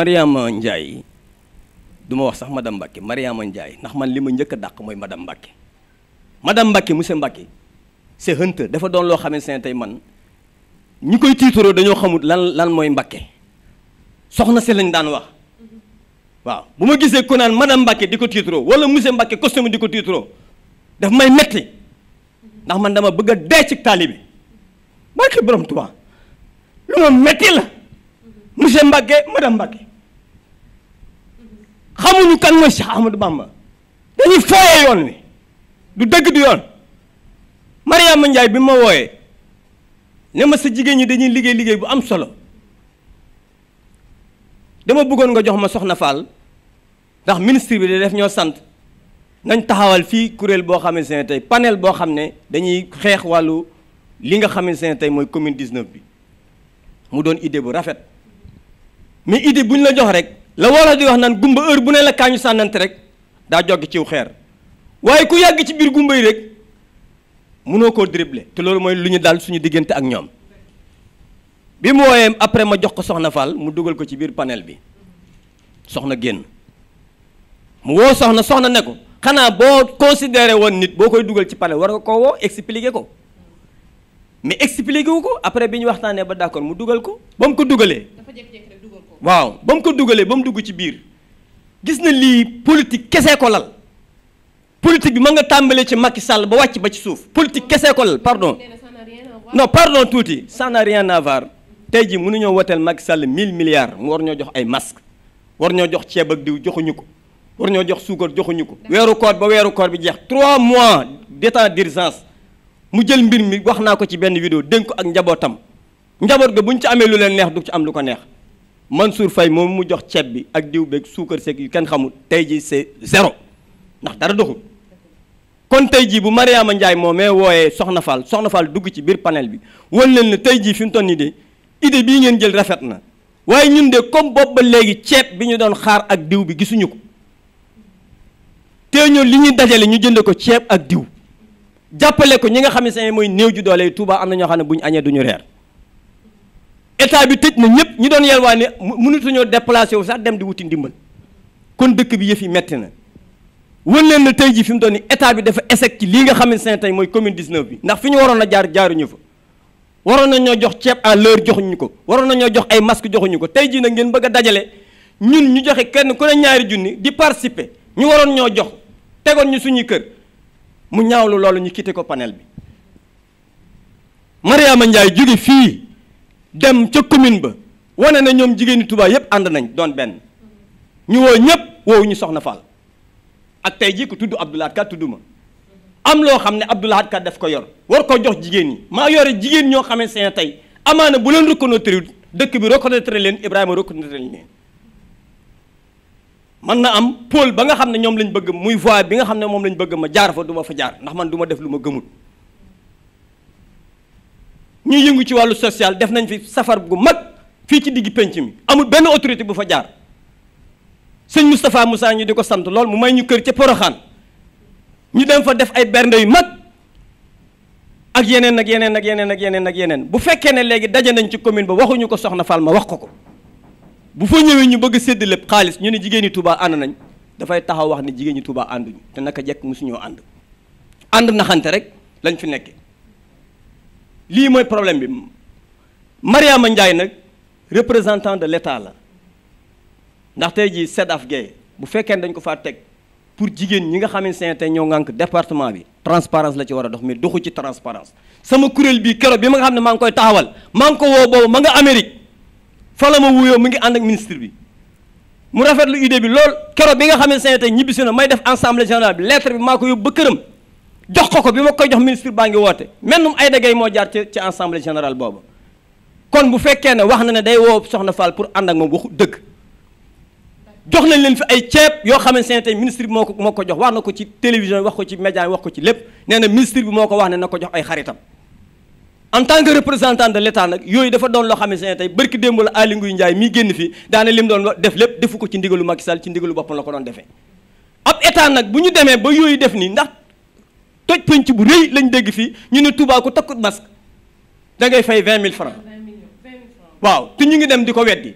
Mariama Ndiaye du ma wax sax madame Mbacke Mariama Ndiaye ndax man li ma njëkk a dàq mooy madame Mbacke madame Mbacke monsieur Mbacke c'est honteux dafa doon loo xamante ne tey man ñi koy tiitaroo dañoo xamul lan lan mooy Mbacke soxna si lañ daan wax waaw bu ma gisee ku naan madame Mbacke di ko tiitaroo wala monsieur Mbacke costume di ko tiitaroo daf may metti ndax man dama bëgg a dee ci taalibe Mbacke borom Tuubaa lu ma metti la monsieur Mbacke madame Mbacke. xamuñu kan mooy Cheikh Ahmadou Bamba dañuy fooyee yoon wi du dëgg du yoon Mariama Ndiaye bi ma wooyee ne ma sa jigéen ñi dañuy liggéey liggéey bu am solo dama bëggoon nga jox ma soxna Fall ndax ministre bi da def ñoo sant nañ taxawal fii kuréel boo xam ne tey panel boo xam ne dañuy xeex wàllu li nga xam ne tey mooy commune 19 bi mu doon idée bu rafet mais idée bu ñu la jox rek. la wala di wax naan gumba heure bu ne la kaa ñu rek daa joggi ciw xeer waaye ku yàgg ci biir gumba yi rek mënoo koo dribble te loolu mooy lu ñu daal suñu diggante ak ñoom bi mu wooyee après ma jox ko soxna Fall mu dugal ko ci biir paneel bi soxna génn mu woo soxna soxna ne ko xanaa boo considéré woon nit boo koy dugal ci panel war nga koo woo expliqué ko mais expliqué wu ko après bi ñu waxtaanee ba d'accord mu dugal ko ba mu ko dugalee. waaw ba mu ko dugalee ba mu dugg ci biir gis na lii politique kesee ko lal politique bi ma nga tàmbalee ci Macky sàll ba wàcc ba ci suuf politique kesee ko lal pardon non pardon tuuti ça n'a rien à voir tey jii mënuñoo woteel Macky Sall 1000 milliards mu war ñoo jox ay masques war ñoo jox ceeb ak diw joxuñu ko war ñoo jox suukar joxuñu ko. weeru koor ba weeru koor bi jeex trois mois d'état d'urgence mu jël mbir mi wax naa ko ci benn vidéo dénk ko ak njabootam njaboot ga bu ñu ci amee lu leen neex du ci am lu ko neex. Mansour fay moom mu jox ceeb bi ak diw beeg suukar seeg yu kenn xamul tey ji c'est zéro ndax dara doxul kon tey jii bu Mariama Ndiaye moomee wooyee Soxna Fall Soxna Fall dugg ci biir paneel bi wan leen ne tey jii fi mu ton nii de idée bii ngeen jël rafet na waaye ñun de comme bopp ba léegi ceeb bi ñu doon xaar ak diw bi gisuñu ko te ñoo li ñuy dajale ñu jënde ko ceeb ak diw jàppale ko ñi nga xam ne mooy néew ju doole yi Touba am na ñoo xam ne bu ñu añee duñu reer état bi tëj na ñëpp ñi doon yelwaane mënatuñoo déplacé wu sax dem di wuti ndimbal kon dëkk bi yëf yi metti na wan leen na tey jii fi mu doon ni état bi dafa échec ci lii nga xamante ne tey mooy commune 19 bi ndax fi ñu waroon a jaar jaaruñu fa waroon na ñoo jox ceeb à l'heure joxuñu ko waroon na ñoo jox ay masque joxuñu ko tey jii nag ngeen bëgg a dajale ñun ñu joxe kenn ku ne ñaari junni di participer ñu waroon ñoo jox tegoon ñu suñuy kër mu ñaawlu loolu ñu quitté ko panel bi Mariama Ndiaye jóge fii dem ca commune ba wane na ñoom jigéeni Touba yëpp ànd nañ doon benn ñu woo ñëpp woowu ñu soxna Fall ak tey jii ku tudd Abdou Lahad Ka tudd ma am loo xam ne Abdou Lahad Ka daf ko yor war koo jox jigéen ñi maa yore jigéen ñoo xamee seen tey amaana bu leen reconnaître dëkk bi reconnaître leen Ibrahima reconnaître leen man na am pôle ba nga xam ne ñoom lañ bëgg muy voie bi nga xam ne moom lañ bëgg ma jaar fa du ma fa jaar ndax man duma ma def lu ma gëmul ñu yëngu ci wàllu social def nañ fi safar gu mag fii ci digg penc mi amul benn autorité bu fa jaar sëñ Moustapha Moussa ñu di ko sant lool mu may ñu kër ca Poroxaan ñu dem fa def ay bernde yu mag ak yeneen ak yeneen ak yeneen ak yeneen ak yeneen bu fekkee ne léegi daje nañ ci commune ba waxuñu ko soxna Fall ma wax ko ko bu fa ñëwee ñu bëgg sédd lépp xaalis ñu ne jigéen ñi Touba ànd nañ dafay taxaw wax ne jigéen ñi Touba ànduñu te naka jekk mosuñoo ànd ànd naxante rek lañ fi nekkee lii mooy problème bi Mariama Ndiaye nag représentant de l'état la ndax tey jii SEDAF Gueye bu fekkee ne dañ ko faa teg pour jigéen ñi nga xamante ne tey ñoo ngànk département bi transparence la ci war a dox mais doxu ci transparence sama kuréel bii keroog bi ma nga xam ne maa ngi koy taxawal maa ngi ko woo boobu ma nga Amérique fa la ma wuyoo mu ngi ànd ak ministre bi mu rafet lu idée bi lool keroog bi nga xamante ne tey si na may def assemblée générale bi lettre bi maa ko ba këram jox ko ko bi ma koy jox ministre baa ngi woote mennum ay Gueye moo jaar ci ci assemblée générale boobu kon bu fekkee ne wax na ne day woo Soxna faal pour ànd ak moom waxu dëgg jox nañ leen fi ay ceeb yoo xamante ne tey ministre bi moo ko moo ko jox wax na ko ci télévision wax ko ci média wax ko ci lépp nee na ministre bi moo ko wax ne na ko jox ay xaritam en tant que représentant de l'état nag yooyu dafa doon loo xamante ne tey barki démb la Aly Ngouille Ndiaye mii génn fii daane lim doon def lépp defu ko ci ndigalu Macky Sall ci ndigalu boppam la ko doon defee ab état nag bu ñu demee ba yooyu def nii ndax toj penc bu rëy lañ dégg fii ñu ne Touba ku takkut masque da ngay fay vingt mille francs waaw te ñu ngi dem di ko weddi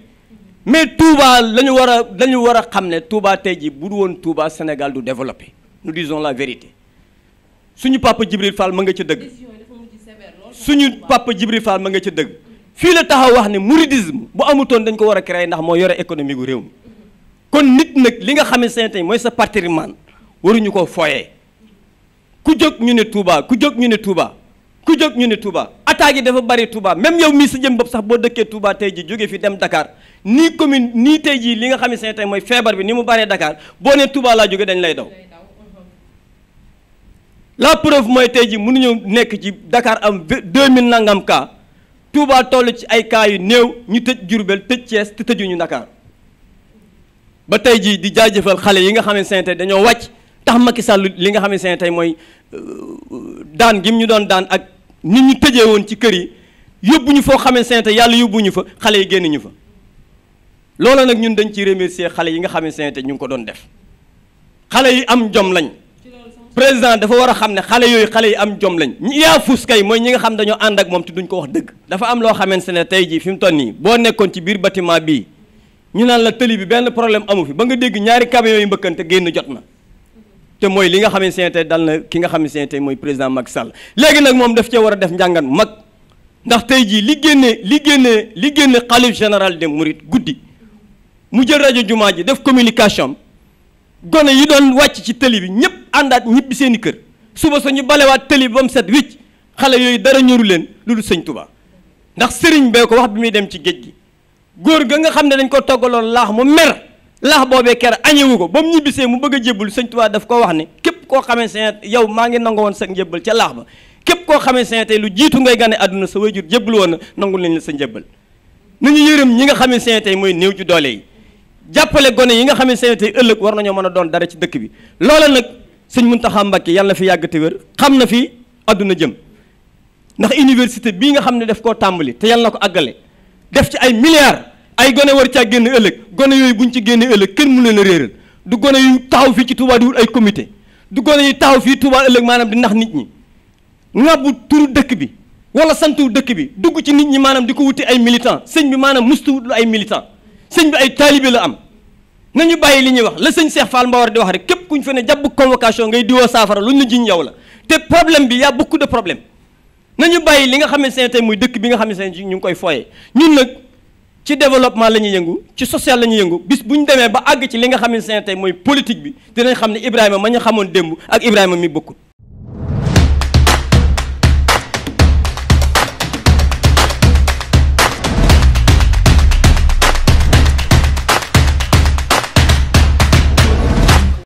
mais Touba la ñu war a la war a xam ne Touba tey jii bu du woon Touba Sénégal du développé nous disons la vérité suñu papa Djibril Fall ma nga ca dëgg suñu papa Djibril Fall ma nga ca dëgg fii la taxaw wax ne mouridisme bu amutoon dañ ko war a créer ndax moo yore économie gu réew mi kon nit nag li nga xamante ne mooy sa patrimoine waruñu ko fooyee ku jóg ñu ne Touba ku jóg ñu ne Touba ku jóg ñu ne Touba attaques yi dafa bari Touba même yow mii sa jëm bopp sax boo dëkkee Touba tey ji jóge fi dem dakaar ni commune nii tey jii li nga xam ne seen tey mooy feebar bi ni mu baree Dakar boo ne Touba laa jógee dañ lay daw la preuve mooy tey ji mënuñu nekk ci dakaar am 2000 nangam cas Touba toll ci ay cas yu néew ñu tëj Diourbel tëj Thiès te tëjuñu Dakar ba tey jii di jaajëfal xale yi nga xam ne seen dañoo wàcc tax Macky Sall li nga xamante ne tey mooy euh, daan gi mu ñu doon daan ak nit ñu tëjee woon ci kër yi yóbbu ñu foo xamante ne yàlla yóbbu ñu fa xale yi génn ñu fa. loolu nag ñun dañ ci remercier xale yi nga xamante ne tey ñu ngi ko doon def xale yi am jom lañ. président dafa war a xam ne xale yooyu xale yi am jom lañ ñi yaa fuus kay mooy ñi nga xam dañoo ànd ak moom te duñ ko wax dëgg. dafa am loo xamante ne tey jii fi ton toll boo nekkoon ci biir bâtiment bii ñu naan la tëli bi benn problème amu fi ba nga dégg ñaari camions yu mbëkkante génn jot na. te mooy li nga xamante ne tey dal na ki nga xamante ne tey mooy président Macky Sall léegi nag moom daf cee war a def njàngat mag ndax tey jii li génnee li génnee li génne xalif général des murit guddi mu jël rajo jumaa ji def communication gone yi doon wàcc ci tëli bi ñëpp àndaat ñibbi seen i kër suba sa ñu balewaat tëli bi ba mu set wicc xale yooyu dara ñoru leen loolu sëñ Tuubaa ndax sëriñ bee ko wax bi muy dem ci géej gi góor ga nga xam ne dañ ko toggaloon laax mu mer laax boobee ker añewu ko ba mu ñibbisee mu bëgg a jébbal sëñ daf koo wax ne képp koo xamee seen yow maa ngi nangu woon sa njébbal ca laax ba képp koo xamee seen tey lu jiitu ngay gane àdduna sa wayjur jébbal woon na nangul nañ la sa njébbal nañu yërëm ñi nga xamee seen tey mooy néew ju doole yi jàppale gone yi nga xamee seen tey ëllëg war nañoo mën a doon dara ci dëkk bi loola nag sëñ Muntaxa Mbàkke yàlla na fi yàgg te xam na fi àdduna jëm ndax université bii nga xam ne daf koo tàmbali te yàlla na ko àggale def ci ay milliards ay gone war caa génn ëllëg gone yooyu bu ñu ci génnee ëllëg kenn mu leen a réeral du gone yu taxaw fii ci Touba di wut ay comité du gone yu taxaw fii Touba ëllëg maanaam di ndax nit ñi ŋàbbu turu dëkk bi wala santu dëkk bi dugg ci nit ñi maanaam di ko wuti ay militant sëñ bi maanaam mustu wut ay militant sëñ bi ay taalibe la am ñu bàyyi li ñuy wax la sëñ Cheikh Fall Mbawar di wax rek képp ku fe ne jàpp convocation ngay diwoo saafara luñ la jiñ yow la te problème bi y a beaucoup na ñu nañu bàyyi li nga xamante ne tey muy dëkk bi nga xamante ne ñu ngi koy fooyee ñun nag ci développement la ñuy yëngu ci social la ñuy yëngu bis bu ñu demee ba àgg ci li nga xam ne seen tey mooy politique bi dinañ xam ne Ibrahima ma ñu xamoon démb ak Ibrahima mi bokkul